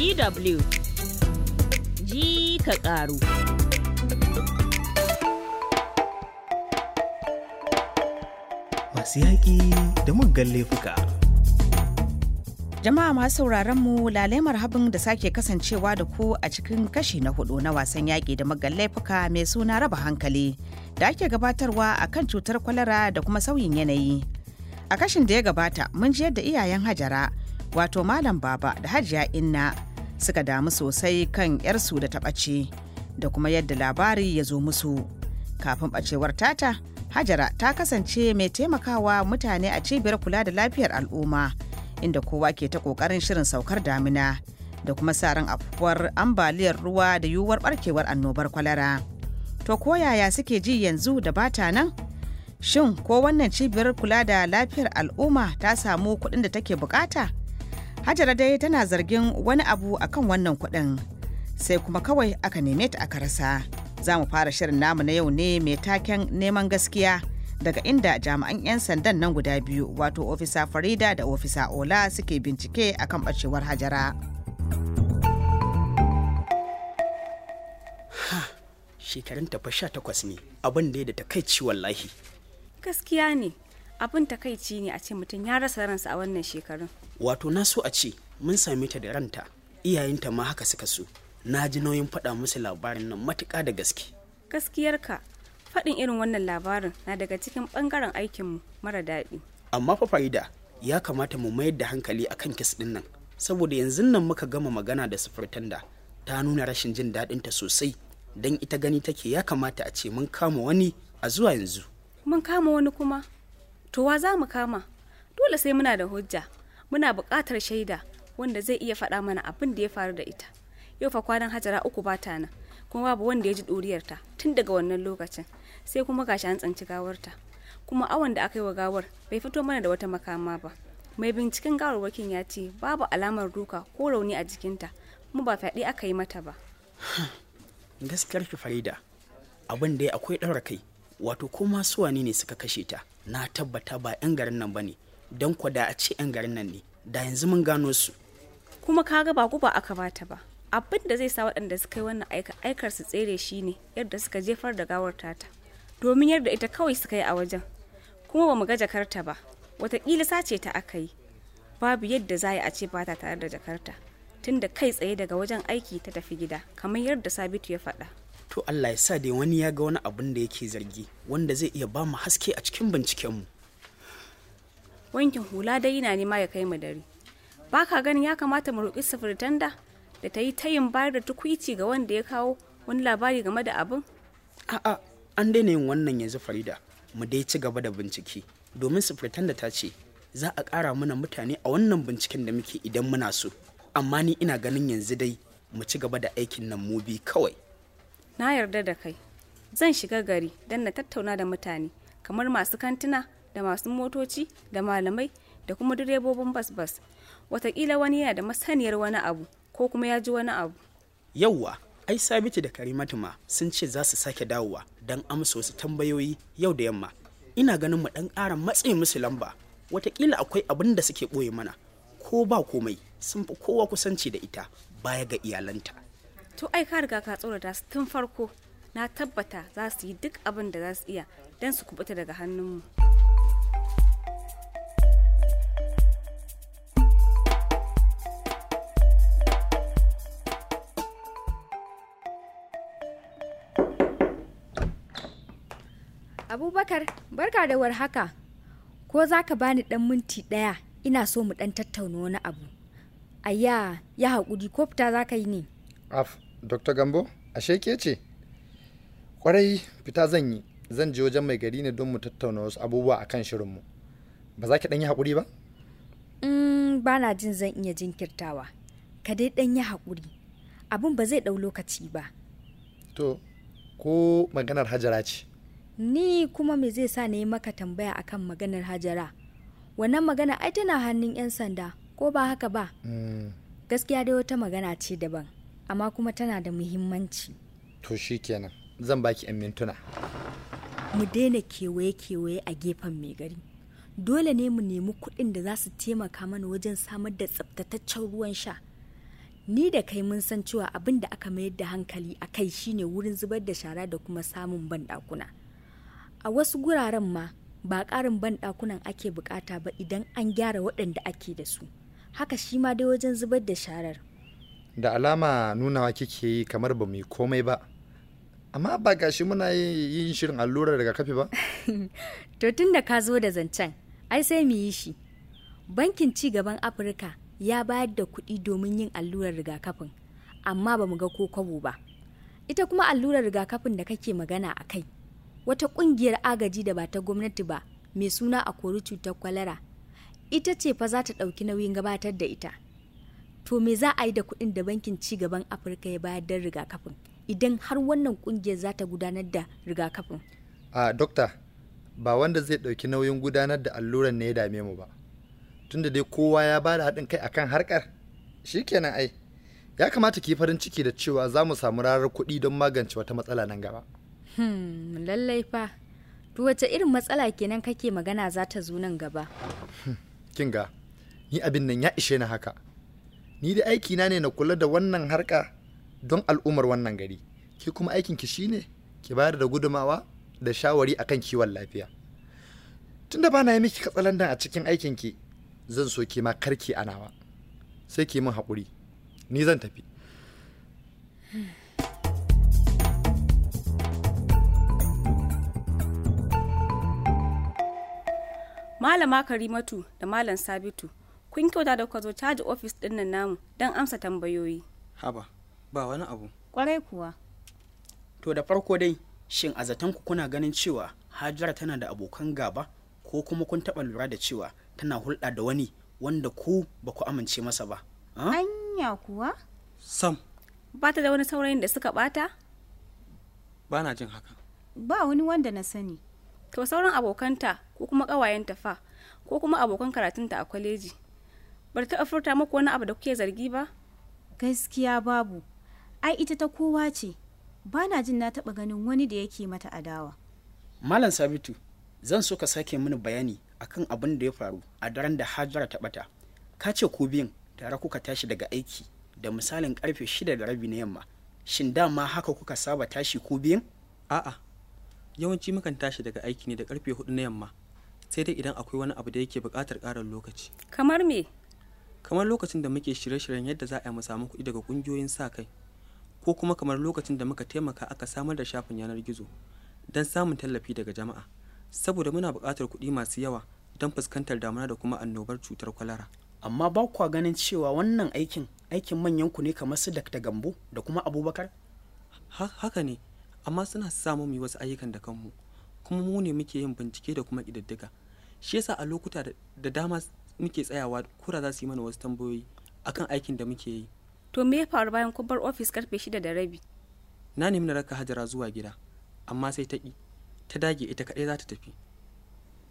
DW ji ka ƙaru. Masu yaƙi da muggan laifuka. Jama'a masu sauraron mu lalai marhabin da sake kasancewa da ku a cikin kashi na hudu na wasan yaƙi da muggan laifuka mai suna raba hankali da ake gabatarwa a kan cutar kwalara da kuma sauyin yanayi. A kashin da ya gabata mun ji yadda iyayen hajara wato malam baba da hajiya inna suka damu sosai kan 'yarsu da ta ɓace da kuma yadda labari ya zo musu kafin ɓacewar tata hajara ta kasance mai taimakawa mutane a cibiyar kula da lafiyar al'umma inda kowa ke ta ƙoƙarin shirin saukar damina da kuma sa ran afuwar ambaliyar ruwa da yiwuwar barkewar annobar kwalara to ko yaya suke ji yanzu da bata nan Shin ko wannan cibiyar kula da lafiyar al'umma ta samu kuɗin da take bukata? Hajara dai tana zargin wani abu akan wannan kuɗin sai kuma kawai aka neme ta aka rasa. Za mu fara shirin namu na yau ne mai taken neman gaskiya daga inda jami'an 'yan sandan nan guda biyu wato ofisa Farida da ofisa Ola suke bincike akan ɓacewar Hajara. Shekarun tafa sha takwas ne abin da ya da ciwon wallahi. Gaskiya ne abin takaici ne a ce mutum ya rasa ransa a wannan shekarun wato na so a ce mun same ta da ranta iyayenta ma haka suka so na ji nauyin faɗa musu labarin nan matuka da gaske gaskiyarka faɗin irin wannan labarin na daga cikin ɓangaren aikinmu mara daɗi amma fa fa'ida ya kamata mu mayar da hankali akan kes ɗin nan saboda yanzu nan muka gama magana da sufurtanda ta nuna rashin jin daɗin ta sosai dan ita gani take ya kamata a ce mun kama wani a zuwa yanzu mun kama wani kuma to wa za mu kama dole sai muna da hujja muna buƙatar shaida wanda zai iya faɗa mana abin da ya faru da ita yau fa kwanan hajara uku ba ta nan kuma babu wanda ya ji ɗuriyarta tun daga wannan lokacin sai kuma gashi an tsanci gawarta kuma awon da aka yi wa gawar bai fito mana da wata makama ba mai binciken gawarwakin ya ce babu alamar duka ko rauni a jikinta kuma ba fyaɗe aka yi mata ba gaskiyar ki farida abin da akwai ɗaura kai wato kuma su wani ne suka kashe ta na tabbata ba 'yan garin nan ba ne don kwada a ce 'yan garin nan ne da yanzu mun gano su kuma ka kaga ba guba aka bata ba abin da zai sa waɗanda suka yi wannan aika aikar su tsere shi ne yadda suka jefar da gawar tata domin yadda ita kawai suka yi a wajen kuma ba mu ga jakarta ba watakila sace ta aka yi babu yadda za a ce ba ta tare da jakarta tunda kai tsaye daga wajen aiki ta tafi gida kamar yadda sabitu ya faɗa to Allah ya sa dai wani ya ga wani abin da yake zargi wanda zai iya ba mu haske a cikin binciken mu. wankin hula dai yana nema ya kai mu dare baka ka ganin ya kamata mu roƙi sufurtanda da ta yi tayin bayar da tukwici ga wanda ya kawo wani labari game da abin a'a an daina yin wannan yanzu farida mu dai ci gaba da bincike domin sufurtanda ta ce za a ƙara mana mutane a wannan binciken da muke idan muna so amma ni ina ganin yanzu dai mu ci gaba da aikin nan mu bi kawai na yarda da kai zan shiga gari don na tattauna da mutane kamar masu kantina da masu motoci da malamai da kuma direbobin bas-bas watakila wani yana da masaniyar wani abu ko kuma ya ji wani abu yauwa ai sabitu da karimatu ma sun ce za su sake dawowa don amsa wasu tambayoyi yau da yamma ina ganin mu dan ƙara matsayin musu lamba watakila akwai abin da suke ɓoye mana ko ba komai sun fi kowa kusanci da ita baya ga iyalanta to ai ka riga ka tsorata su tun farko na tabbata za su yi duk abin da za su iya don su kubuta daga hannunmu abubakar barka da warhaka ko za ka bani dan minti daya ina so mu dan tattauna wani abu ayya ya haƙuri ko fita za ka yi ne dr gambo ashe ke ce kwarai fita zan yi zan je wajen mai gari ne don mu tattauna wasu abubuwa a kan shirinmu ba za ki ɗan yi haƙuri ba mm, ba na jin zan iya jinkirtawa ka dai ɗan yi haƙuri abin ba zai ɗau lokaci ba to ko maganar hajara ce ni kuma me zai sa na yi maka tambaya a kan maganar hajara wannan magana ai tana hannun 'yan sanda ko ba haka ba mm. gaskiya dai wata magana ce daban amma kuma tana da muhimmanci to shi kenan zan baki 'yan mintuna mu daina kewaye-kewaye a gefen mai gari dole ne mu nemi kuɗin da za su taimaka mana wajen samar da tsabtataccen ruwan sha ni da kai mun san cewa abin da aka mayar da hankali a kai shine wurin zubar da shara da kuma samun banɗakuna a wasu guraren ma ba ƙarin banɗakunan ake bukata ba idan an gyara waɗanda ake da su haka shi ma dai wajen zubar da sharar da alama nunawa kike yi kamar ba mai komai ba amma ba gashi muna yin shirin allurar rigakafi ba to tun da ka zo da zancen ai sai mu yi shi bankin ci gaban afirka ya bayar da kuɗi domin yin allurar rigakafin amma ba mu ga ko kwabo ba ita kuma allurar rigakafin da kake magana a kai wata ƙungiyar agaji da ba ta gwamnati ba mai suna a koru cutar kwalara ita ce fa za ta ɗauki nauyin gabatar da ita to me za a yi da kuɗin da bankin ci gaban afirka ya bayar don rigakafin idan har wannan kungiyar za ta gudanar da rigakafin a dokta ba wanda zai ɗauki nauyin gudanar da alluran ne ya dame mu ba tunda dai kowa ya bada da haɗin kai akan harkar shikenan ai ya kamata ki farin ciki da cewa za mu samu rarar kuɗi don magance wata matsala nan gaba hmm lallai fa to wace irin matsala kenan kake magana za ta zo nan gaba hm, kinga ni abin nan ya ishe na haka ni da aikina ne na kula da wannan harka don al'ummar wannan gari ke kuma aikinki shine ki bayar da gudumawa da shawari akan kiwon lafiya tunda ba na yi miki katsalandan a cikin aikinki zan so ki ma karki a nawa sai ki min haƙuri ni zan tafi malama karimatu da malam sabitu kun kyauta da kuka zo caji ofis din nan namu don amsa tambayoyi haba ba wani abu kwarai kuwa to da farko dai shin a ku kuna ganin cewa hajara tana da abokan gaba ko kuma kun taɓa lura da cewa tana hulɗa da wani wanda ku ba ku amince masa ba anya kuwa sam ba ta da wani saurayin da suka bata ba na jin haka ba wani wanda na sani to sauran abokanta ko kuma ƙawayenta fa ko kuma abokan karatunta a kwaleji bar taɓa furta maku wani abu da kuke zargi ba gaskiya babu ai ita ta kowa ce ba na jin na taɓa ganin wani da yake mata adawa malam sabitu zan so ka sake mini bayani akan abin da ya faru a daren da hajara ta bata ka ce ku biyun tare kuka tashi daga aiki da misalin karfe shida da rabi na yamma shin dama haka kuka saba tashi ku biyun a'a yawanci mukan tashi daga aiki ne da karfe hudu na yamma sai dai idan akwai wani abu da yake buƙatar ƙarin lokaci kamar me kamar lokacin da muke shirye-shiryen yadda za a yi mu samu kuɗi daga ƙungiyoyin sa kai ko kuma kamar lokacin da muka taimaka aka samar da shafin yanar gizo don samun tallafi daga jama'a saboda muna buƙatar kuɗi masu yawa don fuskantar damuna da kuma annobar cutar kwalara amma ba kwa ganin cewa wannan aikin aikin manyan ku ne kamar su dakta Gambo da kuma Abubakar haka ne amma suna samu mu wasu ayyukan da kanmu kuma mu ne muke yin bincike da kuma ƙididdiga shi yasa a lokuta da dama muke tsayawa kura za su yi mana wasu tambayoyi akan aikin da muke yi to me ya faru bayan kun bar ofis karfe shida da rabi na nemi na raka hajara zuwa gida amma sai ta ƙi ta dage ita kaɗai za ta tafi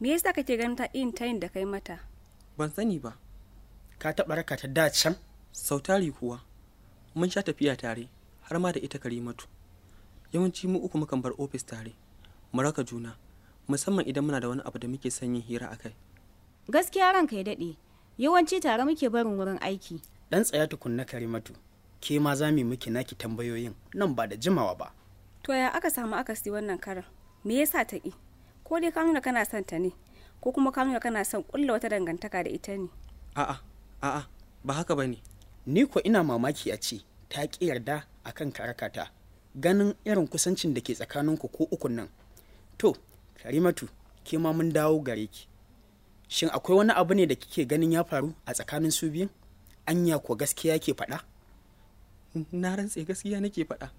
me yasa kake ganin ta yin da kai mata ban sani ba ka taɓa raka ta da can sautari kuwa mun sha tafiya tare har ma da ita karimatu yawanci mu uku mukan bar ofis tare mu raka juna musamman idan muna da wani abu da muke son yin hira a kai Gaskiya ranka ya daɗe, yawanci tare muke barin wurin aiki. Ɗan tsaya tukunna Karimatu, ke ma za mu miki naki tambayoyin nan ba da jimawa ba. To ya aka samu akasi wannan karan? Me yasa ta ki Ko dai ka kana son ta ne, ko kuma ka kana son ƙulla wata dangantaka da ita ne? A'a, a'a, ba haka ba ne. Ni ko ina mamaki a ce ta ki yarda akan karakata. Ganin irin kusancin da ke tsakaninku ko ukun nan. To, Karimatu, ke ma mun dawo gare ki. shin akwai wani abu ne da kike ganin ya faru a tsakanin su biyu? anya ko gaskiya ke faɗa na rantse gaskiya nake faɗa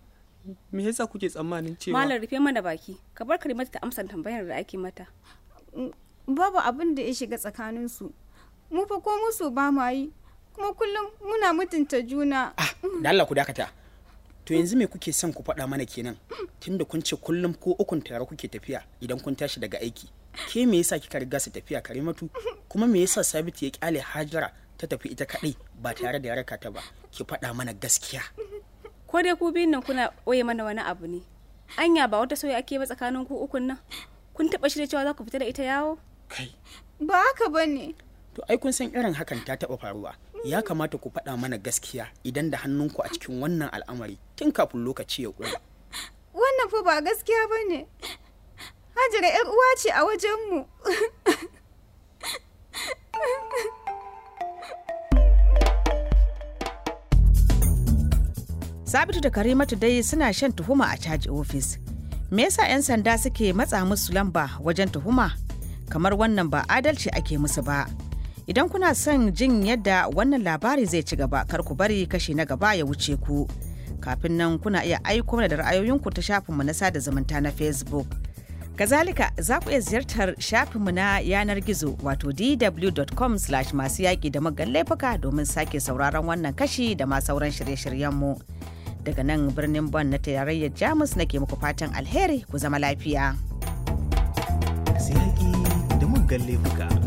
me yasa kuke tsammanin cewa malam rufe mana baki ka bar karimata ta amsa tambayar da ake mata babu abin da ya shiga tsakanin su mu fa ko musu ba ma kuma kullum muna mutunta juna ah da Allah ku dakata to yanzu me kuke son ku faɗa mana kenan tunda kun ce kullum ko ukun tare kuke tafiya idan kun tashi daga aiki ke me yasa kika riga su tafiya karimatu kuma me yasa sabitu ya kyale hajara ta tafi ita kaɗai ba tare da ya ta ba ki faɗa mana gaskiya ko dai ku biyun nan kuna waye mana wani abu ne anya ba wata soyayya ake ba tsakanin ku ukun nan kun taɓa shirya cewa za ku fita da ita yawo kai ba haka bane to ai kun san irin hakan ta taɓa faruwa ya kamata ku faɗa mana gaskiya idan da hannunku a cikin wannan al'amari tun kafin lokaci ya ƙure. wannan fa ba gaskiya ba ne hajira 'yar uwa ce a wajenmu Sabitu da Karimatu dai suna shan tuhuma a caji ofis. Me yasa 'yan sanda suke matsa musu lamba wajen tuhuma? Kamar wannan ba adalci ake musu ba. Idan kuna son jin yadda wannan labari zai ci gaba kar ku bari kashi na gaba ya wuce ku. Kafin nan kuna iya aiko mana da ra'ayoyinku ta shafinmu na sada zumunta na Facebook. Kazalika za ku iya ziyartar shafinmu na yanar gizo wato dw.com masu yaƙi da magan laifuka domin sake sauraron wannan kashi da ma sauran shirye-shiryenmu. Daga nan birnin ban na tarayyar Jamus nake muku fatan alheri ku zama lafiya. Masu yaƙi da magan laifuka.